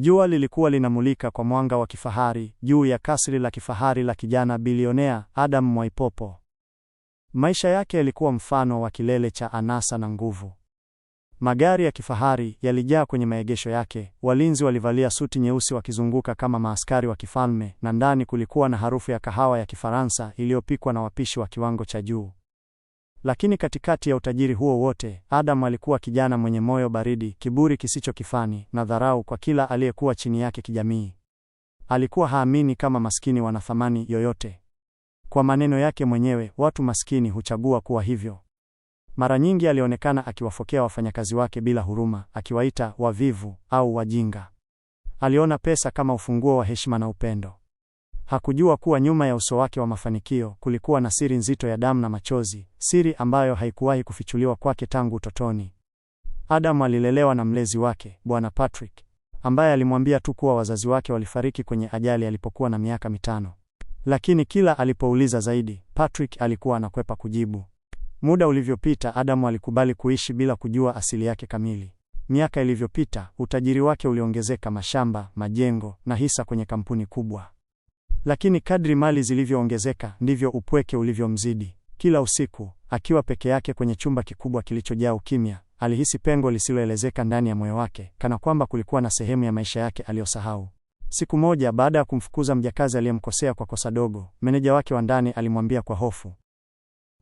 Jua lilikuwa linamulika kwa mwanga wa kifahari juu ya kasri la kifahari la kijana bilionea Adam Mwaipopo. Maisha yake yalikuwa mfano wa kilele cha anasa na nguvu. Magari ya kifahari yalijaa kwenye maegesho yake, walinzi walivalia suti nyeusi wakizunguka kama maaskari wa kifalme, na ndani kulikuwa na harufu ya kahawa ya Kifaransa iliyopikwa na wapishi wa kiwango cha juu. Lakini katikati ya utajiri huo wote, Adam alikuwa kijana mwenye moyo baridi, kiburi kisicho kifani na dharau kwa kila aliyekuwa chini yake kijamii. Alikuwa haamini kama maskini wana thamani yoyote. Kwa maneno yake mwenyewe, watu maskini huchagua kuwa hivyo. Mara nyingi alionekana akiwafokea wafanyakazi wake bila huruma, akiwaita wavivu au wajinga. Aliona pesa kama ufunguo wa heshima na upendo. Hakujua kuwa nyuma ya uso wake wa mafanikio kulikuwa na siri nzito ya damu na machozi, siri ambayo haikuwahi kufichuliwa kwake tangu utotoni. adamu alilelewa na mlezi wake, Bwana Patrick, ambaye alimwambia tu kuwa wazazi wake walifariki kwenye ajali alipokuwa na miaka mitano. Lakini kila alipouliza zaidi, Patrick alikuwa anakwepa kujibu. Muda ulivyopita, adamu alikubali kuishi bila kujua asili yake kamili. Miaka ilivyopita, utajiri wake uliongezeka: mashamba, majengo na hisa kwenye kampuni kubwa. Lakini kadri mali zilivyoongezeka ndivyo upweke ulivyomzidi. Kila usiku akiwa peke yake kwenye chumba kikubwa kilichojaa ukimya, alihisi pengo lisiloelezeka ndani ya moyo wake, kana kwamba kulikuwa na sehemu ya maisha yake aliyosahau. Siku moja baada ya kumfukuza mjakazi aliyemkosea kwa kosa dogo, meneja wake wa ndani alimwambia kwa hofu,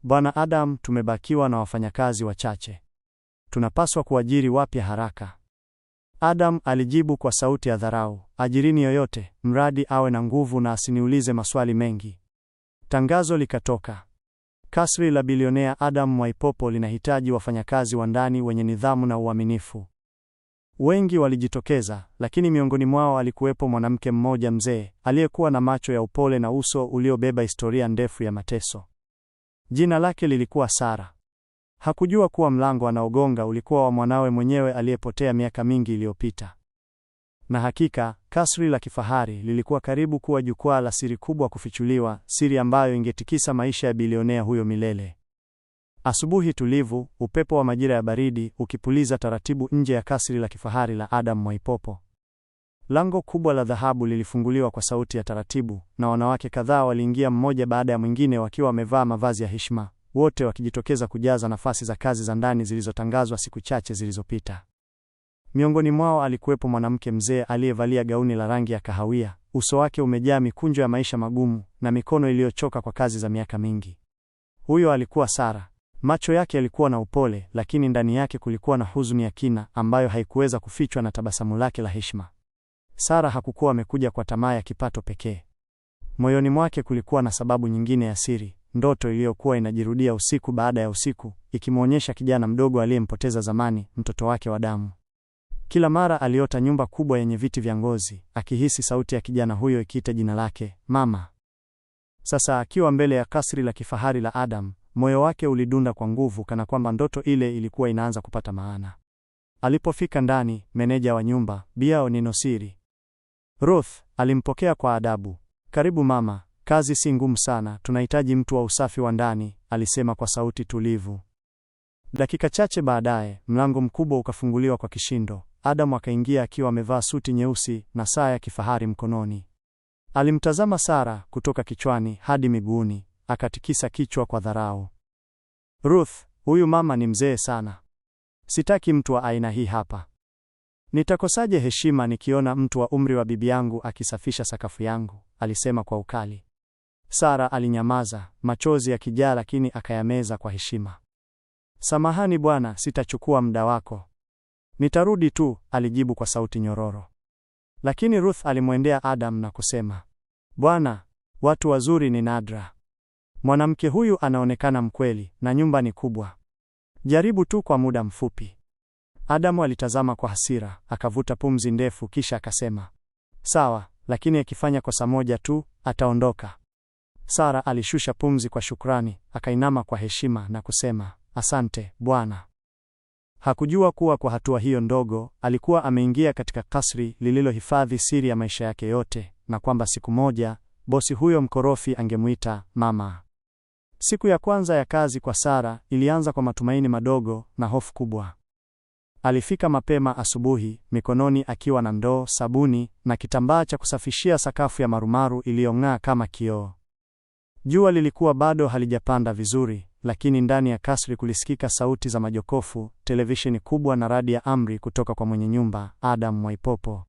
Bwana Adam, tumebakiwa na wafanyakazi wachache, tunapaswa kuajiri wapya haraka. Adam alijibu kwa sauti ya dharau, ajirini yoyote, mradi awe na nguvu na asiniulize maswali mengi. Tangazo likatoka. Kasri la bilionea Adam Mwaipopo linahitaji wafanyakazi wa ndani wenye nidhamu na uaminifu. Wengi walijitokeza, lakini miongoni mwao alikuwepo mwanamke mmoja mzee, aliyekuwa na macho ya upole na uso uliobeba historia ndefu ya mateso. Jina lake lilikuwa Sara. Hakujua kuwa mlango anaogonga ulikuwa wa mwanawe mwenyewe aliyepotea miaka mingi iliyopita. Na hakika kasri la kifahari lilikuwa karibu kuwa jukwaa la siri kubwa kufichuliwa, siri ambayo ingetikisa maisha ya bilionea huyo milele. Asubuhi tulivu, upepo wa majira ya baridi ukipuliza taratibu nje ya kasri la kifahari la Adam Mwaipopo. Lango kubwa la dhahabu lilifunguliwa kwa sauti ya taratibu, na wanawake kadhaa waliingia mmoja baada ya mwingine wakiwa wamevaa mavazi ya heshima wote wakijitokeza kujaza nafasi za kazi za ndani zilizotangazwa siku chache zilizopita. Miongoni mwao alikuwepo mwanamke mzee aliyevalia gauni la rangi ya kahawia, uso wake umejaa mikunjo ya maisha magumu na mikono iliyochoka kwa kazi za miaka mingi. Huyo alikuwa Sara. Macho yake yalikuwa na upole, lakini ndani yake kulikuwa na huzuni ya kina ambayo haikuweza kufichwa na tabasamu lake la heshima. Sara hakukuwa amekuja kwa tamaa ya kipato pekee. Moyoni mwake kulikuwa na sababu nyingine ya siri, ndoto iliyokuwa inajirudia usiku baada ya usiku, ikimwonyesha kijana mdogo aliyempoteza zamani, mtoto wake wa damu. Kila mara aliota nyumba kubwa yenye viti vya ngozi, akihisi sauti ya kijana huyo ikiita jina lake, mama. Sasa akiwa mbele ya kasri la kifahari la Adam, moyo wake ulidunda kwa nguvu, kana kwamba ndoto ile ilikuwa inaanza kupata maana. Alipofika ndani, meneja wa nyumba, Biao Ninosiri Ruth alimpokea kwa adabu. Karibu mama, Kazi si ngumu sana, tunahitaji mtu wa usafi wa ndani, alisema kwa sauti tulivu. Dakika chache baadaye, mlango mkubwa ukafunguliwa kwa kishindo. adamu akaingia akiwa amevaa suti nyeusi na saa ya kifahari mkononi. Alimtazama Sara kutoka kichwani hadi miguuni, akatikisa kichwa kwa dharau. Ruth, huyu mama ni mzee sana. Sitaki mtu wa aina hii hapa. Nitakosaje heshima nikiona mtu wa umri wa bibi yangu akisafisha sakafu yangu? alisema kwa ukali. Sara alinyamaza, machozi yakijaa, lakini akayameza kwa heshima. Samahani bwana, sitachukua muda wako, nitarudi tu, alijibu kwa sauti nyororo. Lakini Ruth alimwendea Adam na kusema, bwana, watu wazuri ni nadra, mwanamke huyu anaonekana mkweli na nyumba ni kubwa, jaribu tu kwa muda mfupi. Adamu alitazama kwa hasira, akavuta pumzi ndefu, kisha akasema, sawa, lakini akifanya kosa moja tu ataondoka. Sara alishusha pumzi kwa shukrani, akainama kwa heshima na kusema, asante Bwana. Hakujua kuwa kwa hatua hiyo ndogo alikuwa ameingia katika kasri lililohifadhi siri ya maisha yake yote, na kwamba siku moja bosi huyo mkorofi angemuita mama. Siku ya kwanza ya kazi kwa Sara ilianza kwa matumaini madogo na hofu kubwa. Alifika mapema asubuhi, mikononi akiwa na ndoo, sabuni na kitambaa cha kusafishia sakafu ya marumaru iliyong'aa kama kioo. Jua lilikuwa bado halijapanda vizuri, lakini ndani ya kasri kulisikika sauti za majokofu, televisheni kubwa na radi ya amri kutoka kwa mwenye nyumba Adam Mwaipopo.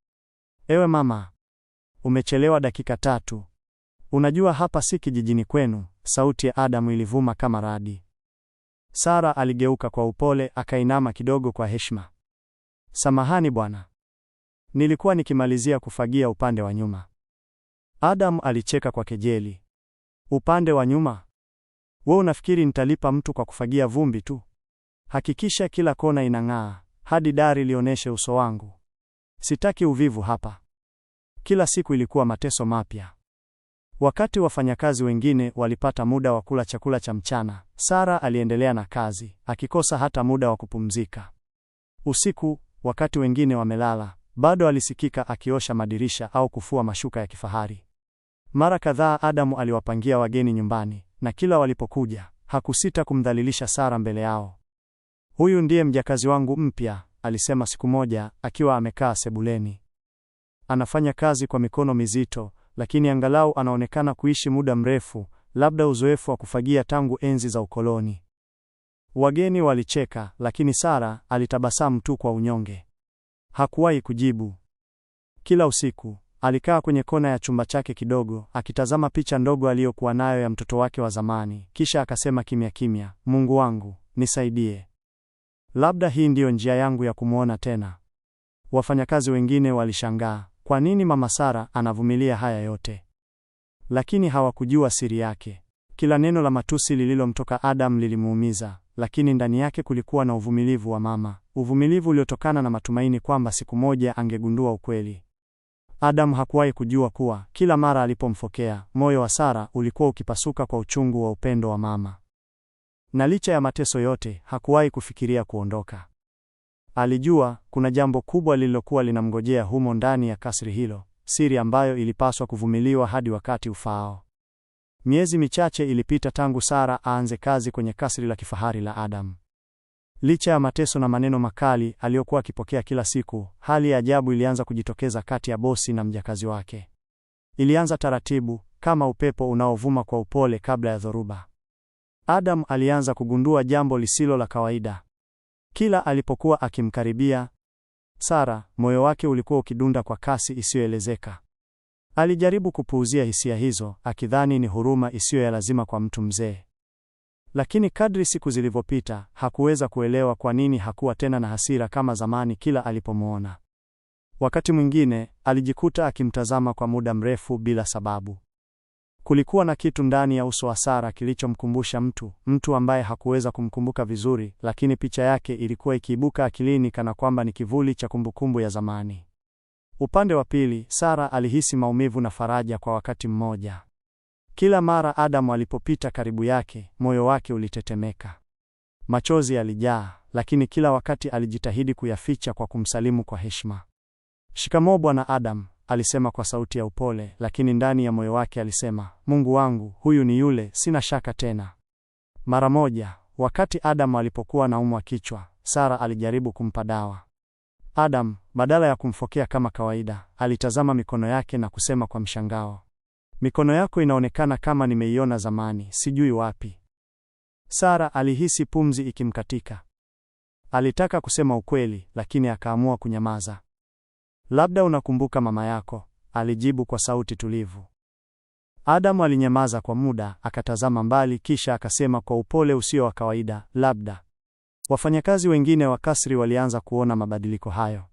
Ewe mama, umechelewa dakika tatu. Unajua hapa si kijijini kwenu, sauti ya Adam ilivuma kama radi. Sara aligeuka kwa upole, akainama kidogo kwa heshima. Samahani bwana, nilikuwa nikimalizia kufagia upande wa nyuma. Adam alicheka kwa kejeli. Upande wa nyuma. We unafikiri nitalipa mtu kwa kufagia vumbi tu? Hakikisha kila kona inang'aa hadi dari lionyeshe uso wangu. Sitaki uvivu hapa. Kila siku ilikuwa mateso mapya. Wakati wafanyakazi wengine walipata muda wa kula chakula cha mchana, Sara aliendelea na kazi, akikosa hata muda wa kupumzika. Usiku, wakati wengine wamelala, bado alisikika akiosha madirisha au kufua mashuka ya kifahari. Mara kadhaa Adamu aliwapangia wageni nyumbani, na kila walipokuja hakusita kumdhalilisha Sara mbele yao. Huyu ndiye mjakazi wangu mpya, alisema siku moja akiwa amekaa sebuleni. Anafanya kazi kwa mikono mizito, lakini angalau anaonekana kuishi muda mrefu, labda uzoefu wa kufagia tangu enzi za ukoloni. Wageni walicheka, lakini Sara alitabasamu tu kwa unyonge. Hakuwahi kujibu. Kila usiku Alikaa kwenye kona ya chumba chake kidogo, akitazama picha ndogo aliyokuwa nayo ya mtoto wake wa zamani, kisha akasema kimya kimya, Mungu wangu, nisaidie. Labda hii ndiyo njia yangu ya kumwona tena. Wafanyakazi wengine walishangaa, kwa nini Mama Sara anavumilia haya yote? Lakini hawakujua siri yake. Kila neno la matusi lililomtoka Adam lilimuumiza, lakini ndani yake kulikuwa na uvumilivu wa mama, uvumilivu uliotokana na matumaini kwamba siku moja angegundua ukweli. Adam hakuwahi kujua kuwa kila mara alipomfokea, moyo wa Sara ulikuwa ukipasuka kwa uchungu wa upendo wa mama. Na licha ya mateso yote, hakuwahi kufikiria kuondoka. Alijua kuna jambo kubwa lililokuwa linamngojea humo ndani ya kasri hilo, siri ambayo ilipaswa kuvumiliwa hadi wakati ufaao. Miezi michache ilipita tangu Sara aanze kazi kwenye kasri la kifahari la Adam. Licha ya mateso na maneno makali aliyokuwa akipokea kila siku, hali ya ajabu ilianza kujitokeza kati ya bosi na mjakazi wake. Ilianza taratibu kama upepo unaovuma kwa upole kabla ya dhoruba. Adam alianza kugundua jambo lisilo la kawaida. Kila alipokuwa akimkaribia Sara, moyo wake ulikuwa ukidunda kwa kasi isiyoelezeka. Alijaribu kupuuzia hisia hizo, akidhani ni huruma isiyo ya lazima kwa mtu mzee. Lakini kadri siku zilivyopita, hakuweza kuelewa kwa nini hakuwa tena na hasira kama zamani kila alipomwona. Wakati mwingine alijikuta akimtazama kwa muda mrefu bila sababu. Kulikuwa na kitu ndani ya uso wa Sara kilichomkumbusha mtu, mtu ambaye hakuweza kumkumbuka vizuri, lakini picha yake ilikuwa ikiibuka akilini kana kwamba ni kivuli cha kumbukumbu ya zamani. Upande wa pili, Sara alihisi maumivu na faraja kwa wakati mmoja. Kila mara Adamu alipopita karibu yake, moyo wake ulitetemeka, machozi yalijaa, lakini kila wakati alijitahidi kuyaficha kwa kumsalimu kwa heshima. Shikamoo bwana Adamu, alisema kwa sauti ya upole, lakini ndani ya moyo wake alisema, Mungu wangu, huyu ni yule, sina shaka tena. Mara moja, wakati Adamu alipokuwa anaumwa kichwa, Sara alijaribu kumpa dawa. Adamu, badala ya kumfokea kama kawaida, alitazama mikono yake na kusema kwa mshangao Mikono yako inaonekana kama nimeiona zamani, sijui wapi. Sara alihisi pumzi ikimkatika. Alitaka kusema ukweli, lakini akaamua kunyamaza. Labda unakumbuka mama yako, alijibu kwa sauti tulivu. Adamu alinyamaza kwa muda, akatazama mbali, kisha akasema kwa upole usio wa kawaida, labda. Wafanyakazi wengine wa kasri walianza kuona mabadiliko hayo.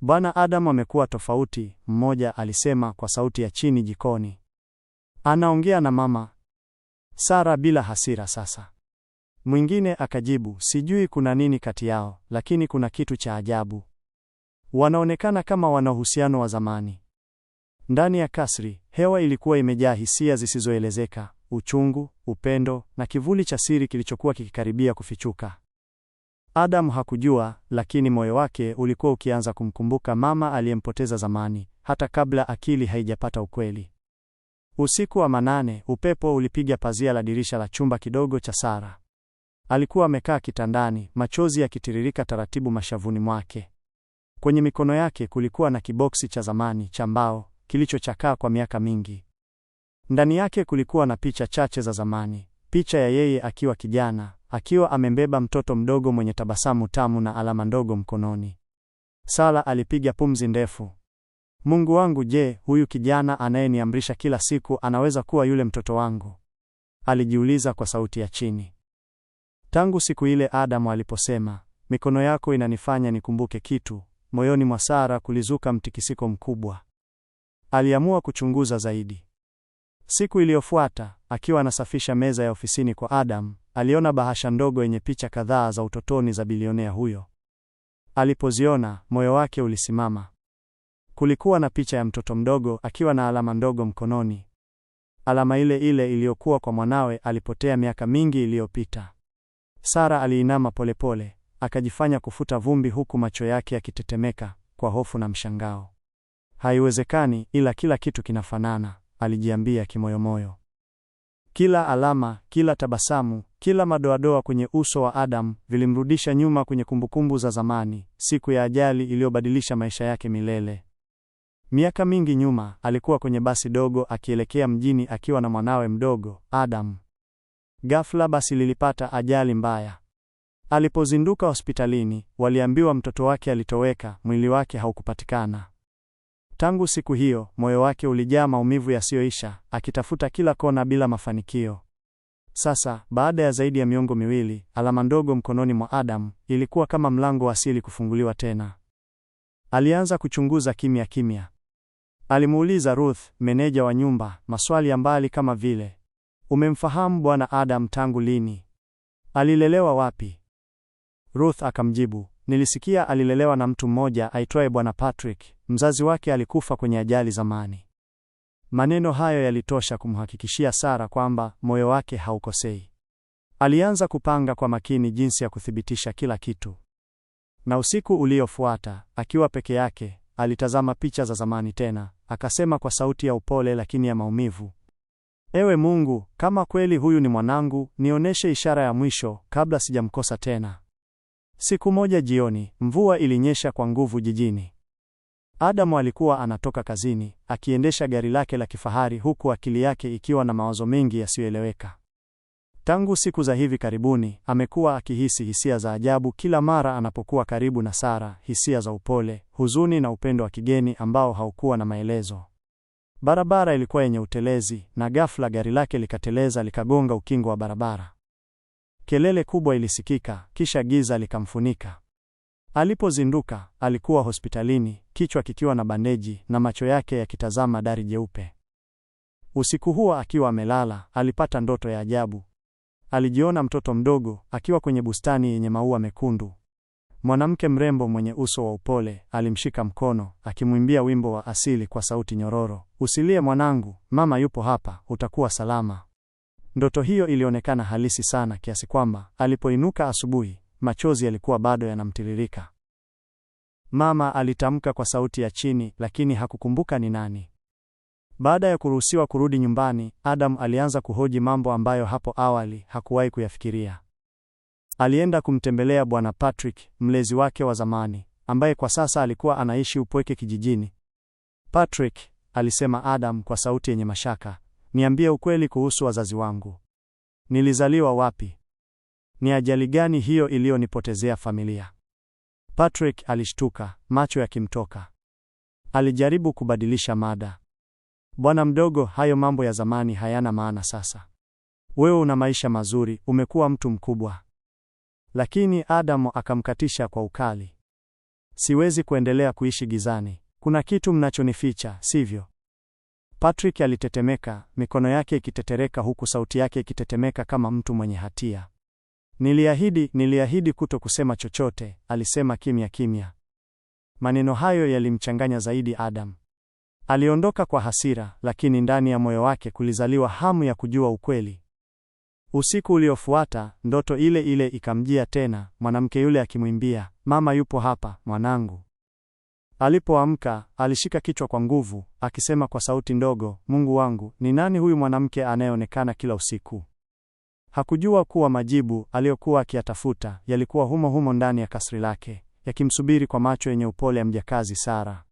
Bwana Adamu amekuwa tofauti, mmoja alisema kwa sauti ya chini jikoni. Anaongea na mama Sara bila hasira sasa. Mwingine akajibu, sijui kuna nini kati yao, lakini kuna kitu cha ajabu. Wanaonekana kama wana uhusiano wa zamani. Ndani ya kasri, hewa ilikuwa imejaa hisia zisizoelezeka, uchungu, upendo na kivuli cha siri kilichokuwa kikikaribia kufichuka. Adam hakujua, lakini moyo wake ulikuwa ukianza kumkumbuka mama aliyempoteza zamani, hata kabla akili haijapata ukweli. Usiku wa manane, upepo ulipiga pazia la dirisha la chumba kidogo cha Sara. Alikuwa amekaa kitandani, machozi yakitiririka taratibu mashavuni mwake. Kwenye mikono yake kulikuwa na kiboksi cha zamani cha mbao kilichochakaa kwa miaka mingi. Ndani yake kulikuwa na picha chache za zamani, picha ya yeye akiwa kijana, akiwa amembeba mtoto mdogo mwenye tabasamu tamu na alama ndogo mkononi. Sara alipiga pumzi ndefu. Mungu wangu, je, huyu kijana anayeniamrisha kila siku anaweza kuwa yule mtoto wangu? Alijiuliza kwa sauti ya chini. Tangu siku ile Adamu aliposema, mikono yako inanifanya nikumbuke kitu, moyoni mwa Sara kulizuka mtikisiko mkubwa. Aliamua kuchunguza zaidi. Siku iliyofuata, akiwa anasafisha meza ya ofisini kwa Adamu, aliona bahasha ndogo yenye picha kadhaa za utotoni za bilionea huyo. Alipoziona, moyo wake ulisimama kulikuwa na picha ya mtoto mdogo akiwa na alama ndogo mkononi, alama ile ile iliyokuwa kwa mwanawe alipotea miaka mingi iliyopita. Sara aliinama polepole, akajifanya kufuta vumbi, huku macho yake yakitetemeka kwa hofu na mshangao. Haiwezekani, ila kila kitu kinafanana, alijiambia kimoyomoyo. Kila alama, kila tabasamu, kila madoadoa kwenye uso wa Adam vilimrudisha nyuma kwenye kumbukumbu za zamani, siku ya ajali iliyobadilisha maisha yake milele. Miaka mingi nyuma, alikuwa kwenye basi dogo akielekea mjini akiwa na mwanawe mdogo, Adam. Ghafla basi lilipata ajali mbaya. Alipozinduka hospitalini, waliambiwa mtoto wake alitoweka, mwili wake haukupatikana. Tangu siku hiyo, moyo wake ulijaa maumivu yasiyoisha, akitafuta kila kona bila mafanikio. Sasa, baada ya zaidi ya miongo miwili, alama ndogo mkononi mwa Adam ilikuwa kama mlango wa asili kufunguliwa tena. Alianza kuchunguza kimya kimya. Alimuuliza Ruth, meneja wa nyumba, maswali ya mbali kama vile, umemfahamu Bwana Adam tangu lini? Alilelewa wapi? Ruth akamjibu, nilisikia alilelewa na mtu mmoja aitwaye Bwana Patrick, mzazi wake alikufa kwenye ajali zamani. Maneno hayo yalitosha kumhakikishia Sara kwamba moyo wake haukosei. Alianza kupanga kwa makini jinsi ya kuthibitisha kila kitu. Na usiku uliofuata, akiwa peke yake, Alitazama picha za zamani tena, akasema kwa sauti ya upole lakini ya maumivu, ewe Mungu, kama kweli huyu ni mwanangu, nionyeshe ishara ya mwisho kabla sijamkosa tena. Siku moja jioni, mvua ilinyesha kwa nguvu jijini. Adamu alikuwa anatoka kazini, akiendesha gari lake la kifahari huku akili yake ikiwa na mawazo mengi yasiyoeleweka. Tangu siku za hivi karibuni amekuwa akihisi hisia za ajabu kila mara anapokuwa karibu na Sara, hisia za upole, huzuni na upendo wa kigeni ambao haukuwa na maelezo. Barabara ilikuwa yenye utelezi na ghafla gari lake likateleza likagonga ukingo wa barabara. Kelele kubwa ilisikika, kisha giza likamfunika. Alipozinduka alikuwa hospitalini, kichwa kikiwa na bandeji na macho yake yakitazama dari jeupe. Usiku huo akiwa amelala, alipata ndoto ya ajabu alijiona mtoto mdogo akiwa kwenye bustani yenye maua mekundu. Mwanamke mrembo mwenye uso wa upole alimshika mkono akimwimbia wimbo wa asili kwa sauti nyororo, usilie mwanangu, mama yupo hapa, utakuwa salama. Ndoto hiyo ilionekana halisi sana kiasi kwamba alipoinuka asubuhi, machozi yalikuwa bado yanamtiririka. Mama alitamka kwa sauti ya chini, lakini hakukumbuka ni nani. Baada ya kuruhusiwa kurudi nyumbani, Adam alianza kuhoji mambo ambayo hapo awali hakuwahi kuyafikiria. Alienda kumtembelea Bwana Patrick, mlezi wake wa zamani, ambaye kwa sasa alikuwa anaishi upweke kijijini. Patrick, alisema Adam kwa sauti yenye mashaka, niambie ukweli kuhusu wazazi wangu. Nilizaliwa wapi? Ni ajali gani hiyo iliyonipotezea familia? Patrick alishtuka, macho yakimtoka. Alijaribu kubadilisha mada. Bwana mdogo, hayo mambo ya zamani hayana maana sasa. Wewe una maisha mazuri, umekuwa mtu mkubwa. Lakini Adamu akamkatisha kwa ukali. Siwezi kuendelea kuishi gizani. Kuna kitu mnachonificha, sivyo? Patrick alitetemeka, mikono yake ikitetereka huku sauti yake ikitetemeka kama mtu mwenye hatia. Niliahidi, niliahidi kuto kusema chochote, alisema kimya kimya. Maneno hayo yalimchanganya zaidi Adam. Aliondoka kwa hasira, lakini ndani ya moyo wake kulizaliwa hamu ya kujua ukweli. Usiku uliofuata, ndoto ile ile ikamjia tena, mwanamke yule akimwimbia, mama yupo hapa mwanangu. Alipoamka, alishika kichwa kwa nguvu, akisema kwa sauti ndogo, Mungu wangu, ni nani huyu mwanamke anayeonekana kila usiku? Hakujua kuwa majibu aliyokuwa akiyatafuta yalikuwa humo humo ndani ya kasri lake, yakimsubiri kwa macho yenye upole ya mjakazi Sara.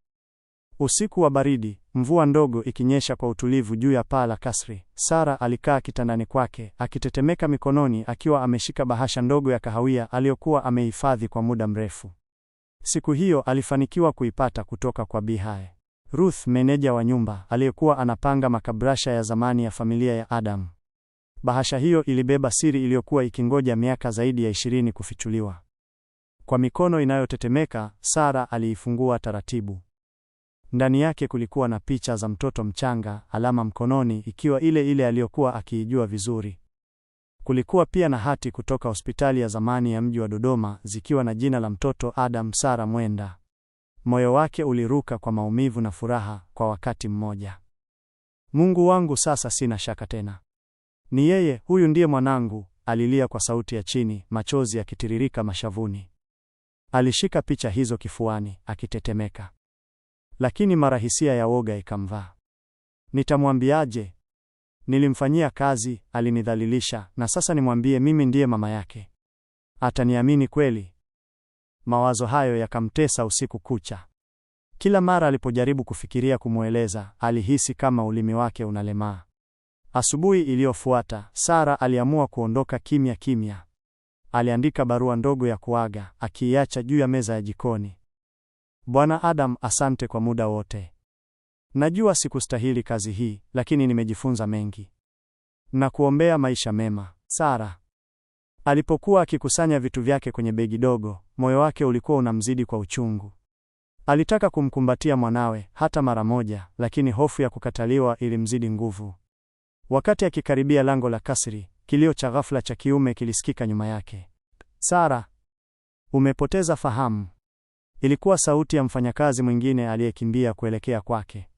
Usiku wa baridi, mvua ndogo ikinyesha kwa utulivu juu ya paa la kasri, Sara alikaa kitandani kwake akitetemeka mikononi, akiwa ameshika bahasha ndogo ya kahawia aliyokuwa amehifadhi kwa muda mrefu. Siku hiyo alifanikiwa kuipata kutoka kwa Bihae Ruth, meneja wa nyumba aliyekuwa anapanga makabrasha ya zamani ya familia ya Adamu. Bahasha hiyo ilibeba siri iliyokuwa ikingoja miaka zaidi ya ishirini kufichuliwa. Kwa mikono inayotetemeka, Sara aliifungua taratibu. Ndani yake kulikuwa na picha za mtoto mchanga, alama mkononi ikiwa ile ile aliyokuwa akiijua vizuri. Kulikuwa pia na hati kutoka hospitali ya zamani ya mji wa Dodoma zikiwa na jina la mtoto Adam Sara Mwenda. Moyo wake uliruka kwa maumivu na furaha kwa wakati mmoja. Mungu wangu, sasa sina shaka tena. Ni yeye, huyu ndiye mwanangu, alilia kwa sauti ya chini, machozi yakitiririka mashavuni. Alishika picha hizo kifuani akitetemeka lakini mara hisia ya woga ikamvaa. Nitamwambiaje? Nilimfanyia kazi, alinidhalilisha, na sasa nimwambie mimi ndiye mama yake? Ataniamini kweli? Mawazo hayo yakamtesa usiku kucha. Kila mara alipojaribu kufikiria kumweleza, alihisi kama ulimi wake unalemaa. Asubuhi iliyofuata, Sara aliamua kuondoka kimya kimya. Aliandika barua ndogo ya kuaga, akiiacha juu ya meza ya jikoni. Bwana Adam, asante kwa muda wote. Najua sikustahili kazi hii, lakini nimejifunza mengi. Nakuombea maisha mema, Sara. Alipokuwa akikusanya vitu vyake kwenye begi dogo, moyo wake ulikuwa unamzidi kwa uchungu. Alitaka kumkumbatia mwanawe hata mara moja, lakini hofu ya kukataliwa ilimzidi nguvu. Wakati akikaribia lango la kasri, kilio cha ghafla cha kiume kilisikika nyuma yake. Sara, umepoteza fahamu. Ilikuwa sauti ya mfanyakazi mwingine aliyekimbia kuelekea kwake.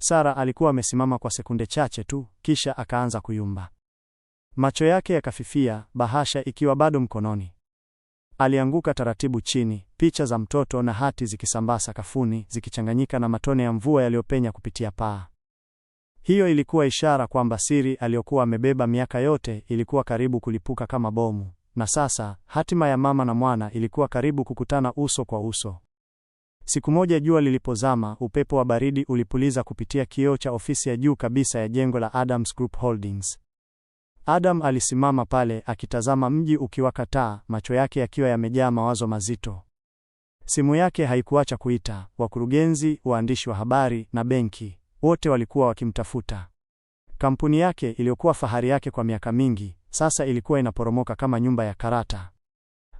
Sara alikuwa amesimama kwa sekunde chache tu, kisha akaanza kuyumba. Macho yake yakafifia, bahasha ikiwa bado mkononi. Alianguka taratibu chini, picha za mtoto na hati zikisambaa sakafuni, zikichanganyika na matone ya mvua yaliyopenya kupitia paa. Hiyo ilikuwa ishara kwamba siri aliyokuwa amebeba miaka yote ilikuwa karibu kulipuka kama bomu na sasa hatima ya mama na mwana ilikuwa karibu kukutana uso kwa uso. Siku moja jua lilipozama, upepo wa baridi ulipuliza kupitia kioo cha ofisi ya juu kabisa ya jengo la Adams Group Holdings. Adam alisimama pale akitazama mji ukiwaka taa, macho yake yakiwa yamejaa mawazo mazito. Simu yake haikuacha kuita. Wakurugenzi, waandishi wa habari na benki, wote walikuwa wakimtafuta. Kampuni yake iliyokuwa fahari yake kwa miaka mingi sasa ilikuwa inaporomoka kama nyumba ya karata.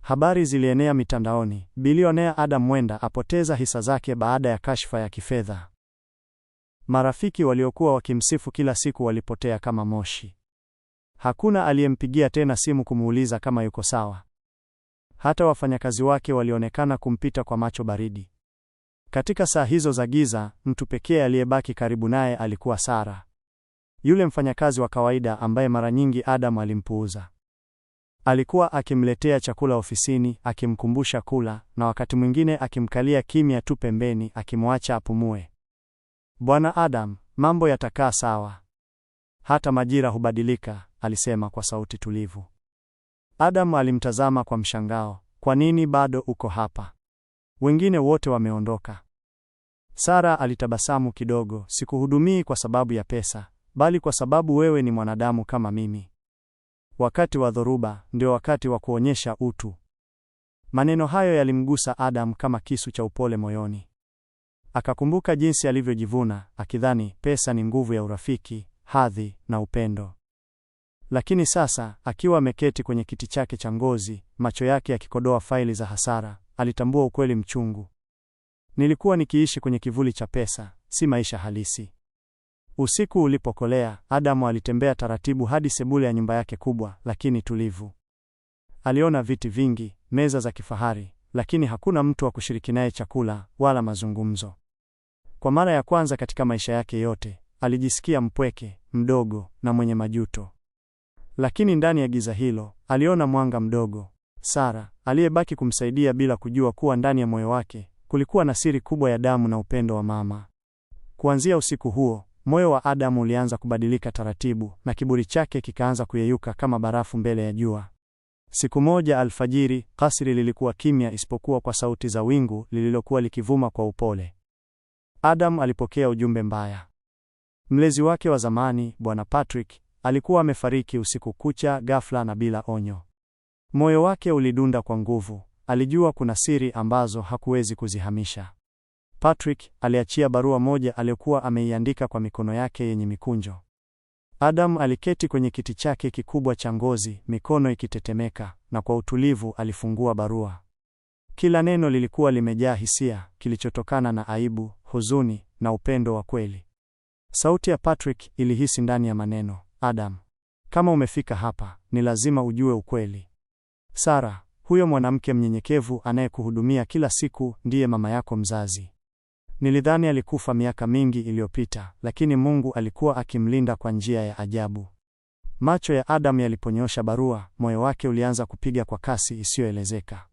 Habari zilienea mitandaoni, bilionea Adam Mwenda apoteza hisa zake baada ya kashfa ya kifedha. Marafiki waliokuwa wakimsifu kila siku walipotea kama moshi. Hakuna aliyempigia tena simu kumuuliza kama yuko sawa. Hata wafanyakazi wake walionekana kumpita kwa macho baridi. Katika saa hizo za giza, mtu pekee aliyebaki karibu naye alikuwa Sara yule mfanyakazi wa kawaida ambaye mara nyingi Adam alimpuuza. Alikuwa akimletea chakula ofisini, akimkumbusha kula, na wakati mwingine akimkalia kimya tu pembeni, akimwacha apumue. Bwana Adam, mambo yatakaa sawa, hata majira hubadilika, alisema kwa sauti tulivu. Adam alimtazama kwa mshangao. Kwa nini bado uko hapa? Wengine wote wameondoka. Sara alitabasamu kidogo. Sikuhudumii kwa sababu ya pesa, bali kwa sababu wewe ni mwanadamu kama mimi. Wakati wa dhoruba ndio wakati wa kuonyesha utu. Maneno hayo yalimgusa Adam kama kisu cha upole moyoni. Akakumbuka jinsi alivyojivuna akidhani pesa ni nguvu ya urafiki, hadhi na upendo. Lakini sasa akiwa ameketi kwenye kiti chake cha ngozi, macho yake yakikodoa faili za hasara, alitambua ukweli mchungu. Nilikuwa nikiishi kwenye kivuli cha pesa, si maisha halisi. Usiku ulipokolea, Adamu alitembea taratibu hadi sebule ya nyumba yake kubwa lakini tulivu. Aliona viti vingi, meza za kifahari, lakini hakuna mtu wa kushiriki naye chakula wala mazungumzo. Kwa mara ya kwanza katika maisha yake yote, alijisikia mpweke, mdogo na mwenye majuto. Lakini ndani ya giza hilo, aliona mwanga mdogo. Sara, aliyebaki kumsaidia bila kujua kuwa ndani ya moyo wake kulikuwa na siri kubwa ya damu na upendo wa mama. Kuanzia usiku huo, Moyo wa Adamu ulianza kubadilika taratibu na kiburi chake kikaanza kuyeyuka kama barafu mbele ya jua. Siku moja alfajiri, kasri lilikuwa kimya isipokuwa kwa sauti za wingu lililokuwa likivuma kwa upole. Adamu alipokea ujumbe mbaya. Mlezi wake wa zamani, Bwana Patrick, alikuwa amefariki usiku kucha, ghafla na bila onyo. Moyo wake ulidunda kwa nguvu. Alijua kuna siri ambazo hakuwezi kuzihamisha. Patrick aliachia barua moja aliyokuwa ameiandika kwa mikono yake yenye mikunjo. Adam aliketi kwenye kiti chake kikubwa cha ngozi, mikono ikitetemeka, na kwa utulivu alifungua barua. Kila neno lilikuwa limejaa hisia, kilichotokana na aibu, huzuni na upendo wa kweli. Sauti ya Patrick ilihisi ndani ya maneno, Adam, kama umefika hapa, ni lazima ujue ukweli. Sara, huyo mwanamke mnyenyekevu anayekuhudumia kila siku, ndiye mama yako mzazi. Nilidhani alikufa miaka mingi iliyopita, lakini Mungu alikuwa akimlinda kwa njia ya ajabu. Macho ya Adam yaliponyosha barua, moyo wake ulianza kupiga kwa kasi isiyoelezeka.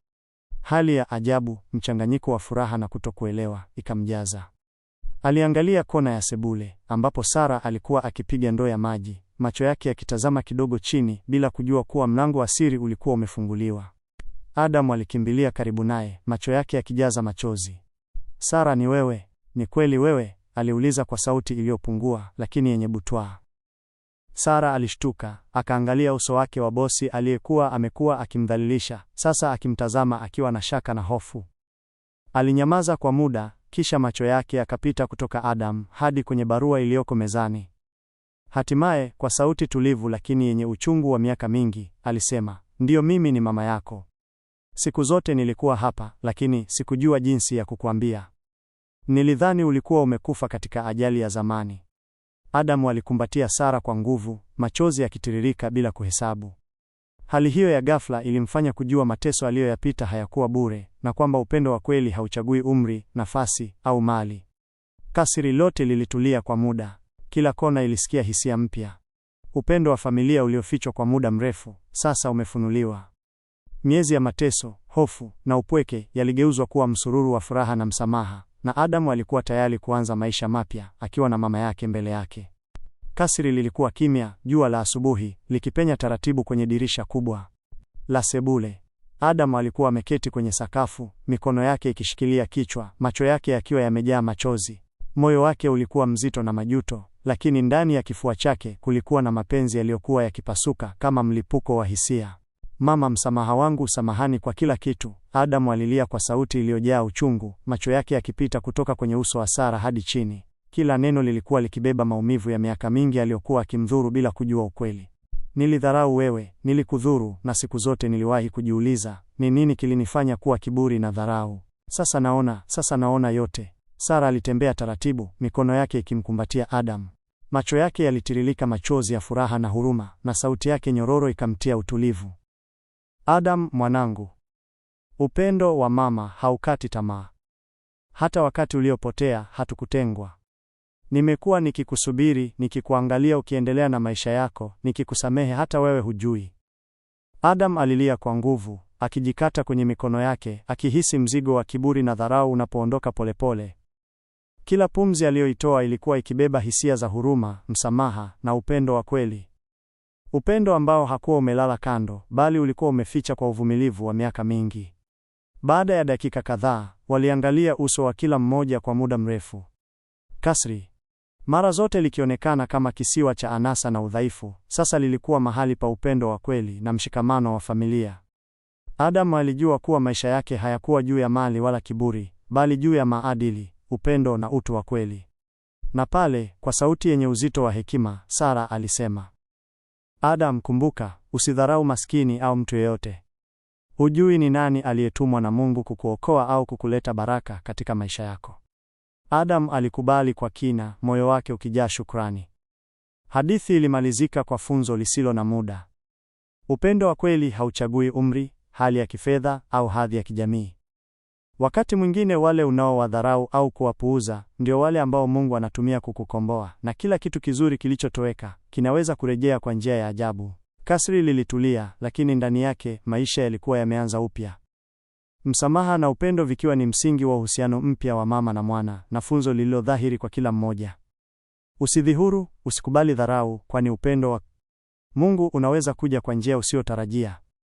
Hali ya ajabu, mchanganyiko wa furaha na kutokuelewa, ikamjaza. Aliangalia kona ya sebule ambapo Sara alikuwa akipiga ndoo ya maji, macho yake yakitazama kidogo chini bila kujua kuwa mlango wa siri ulikuwa umefunguliwa. Adam alikimbilia karibu naye, macho yake yakijaza machozi. Sara, ni wewe? Ni kweli wewe? aliuliza kwa sauti iliyopungua lakini yenye butwaa. Sara alishtuka, akaangalia uso wake wa bosi aliyekuwa amekuwa akimdhalilisha, sasa akimtazama akiwa na shaka na hofu. Alinyamaza kwa muda, kisha macho yake yakapita kutoka Adam hadi kwenye barua iliyoko mezani. Hatimaye, kwa sauti tulivu lakini yenye uchungu wa miaka mingi, alisema, ndiyo, mimi ni mama yako. Siku zote nilikuwa hapa, lakini sikujua jinsi ya kukuambia. Nilidhani ulikuwa umekufa katika ajali ya zamani. Adamu alikumbatia Sara kwa nguvu, machozi yakitiririka bila kuhesabu. Hali hiyo ya ghafla ilimfanya kujua mateso aliyoyapita hayakuwa bure, na kwamba upendo wa kweli hauchagui umri, nafasi au mali. Kasiri lote lilitulia kwa muda. Kila kona ilisikia hisia mpya. Upendo wa familia uliofichwa kwa muda mrefu sasa umefunuliwa. Miezi ya mateso, hofu na upweke yaligeuzwa kuwa msururu wa furaha na msamaha, na Adamu alikuwa tayari kuanza maisha mapya akiwa na mama yake mbele yake. Kasri lilikuwa kimya, jua la asubuhi likipenya taratibu kwenye dirisha kubwa la sebule. Adamu alikuwa ameketi kwenye sakafu, mikono yake ikishikilia kichwa, macho yake yakiwa yamejaa machozi. Moyo wake ulikuwa mzito na majuto, lakini ndani ya kifua chake kulikuwa na mapenzi yaliyokuwa yakipasuka kama mlipuko wa hisia. Mama, msamaha wangu, samahani kwa kila kitu, Adamu alilia kwa sauti iliyojaa uchungu, macho yake yakipita kutoka kwenye uso wa Sara hadi chini. Kila neno lilikuwa likibeba maumivu ya miaka mingi aliyokuwa akimdhuru bila kujua ukweli. Nilidharau wewe, nilikudhuru, na siku zote niliwahi kujiuliza ni nini kilinifanya kuwa kiburi na dharau. Sasa naona, sasa naona yote. Sara alitembea taratibu, mikono yake ikimkumbatia Adamu. Macho yake yalitiririka machozi ya furaha na huruma, na sauti yake nyororo ikamtia utulivu. Adam mwanangu, upendo wa mama haukati tamaa. Hata wakati uliopotea hatukutengwa. Nimekuwa nikikusubiri, nikikuangalia ukiendelea na maisha yako, nikikusamehe hata wewe hujui. Adam alilia kwa nguvu, akijikata kwenye mikono yake, akihisi mzigo wa kiburi na dharau unapoondoka polepole. Kila pumzi aliyoitoa ilikuwa ikibeba hisia za huruma, msamaha na upendo wa kweli upendo ambao hakuwa umelala kando, bali ulikuwa umeficha kwa uvumilivu wa miaka mingi. Baada ya dakika kadhaa, waliangalia uso wa kila mmoja kwa muda mrefu. Kasri, mara zote likionekana kama kisiwa cha anasa na udhaifu, sasa lilikuwa mahali pa upendo wa kweli na mshikamano wa familia. Adam alijua kuwa maisha yake hayakuwa juu ya mali wala kiburi, bali juu ya maadili, upendo na utu wa kweli. Na pale, kwa sauti yenye uzito wa hekima, Sara alisema, Adam, kumbuka, usidharau maskini au mtu yeyote. Hujui ni nani aliyetumwa na Mungu kukuokoa au kukuleta baraka katika maisha yako. Adam alikubali kwa kina, moyo wake ukijaa shukrani. Hadithi ilimalizika kwa funzo lisilo na muda. Upendo wa kweli hauchagui umri, hali ya kifedha au hadhi ya kijamii. Wakati mwingine wale unaowadharau au kuwapuuza ndio wale ambao Mungu anatumia kukukomboa, na kila kitu kizuri kilichotoweka kinaweza kurejea kwa njia ya ajabu. Kasri lilitulia, lakini ndani yake maisha yalikuwa yameanza upya. Msamaha na upendo vikiwa ni msingi wa uhusiano mpya wa mama na mwana, na funzo lililo dhahiri kwa kila mmoja: usidhihuru, usikubali dharau, kwani upendo wa Mungu unaweza kuja kwa njia usiyotarajia.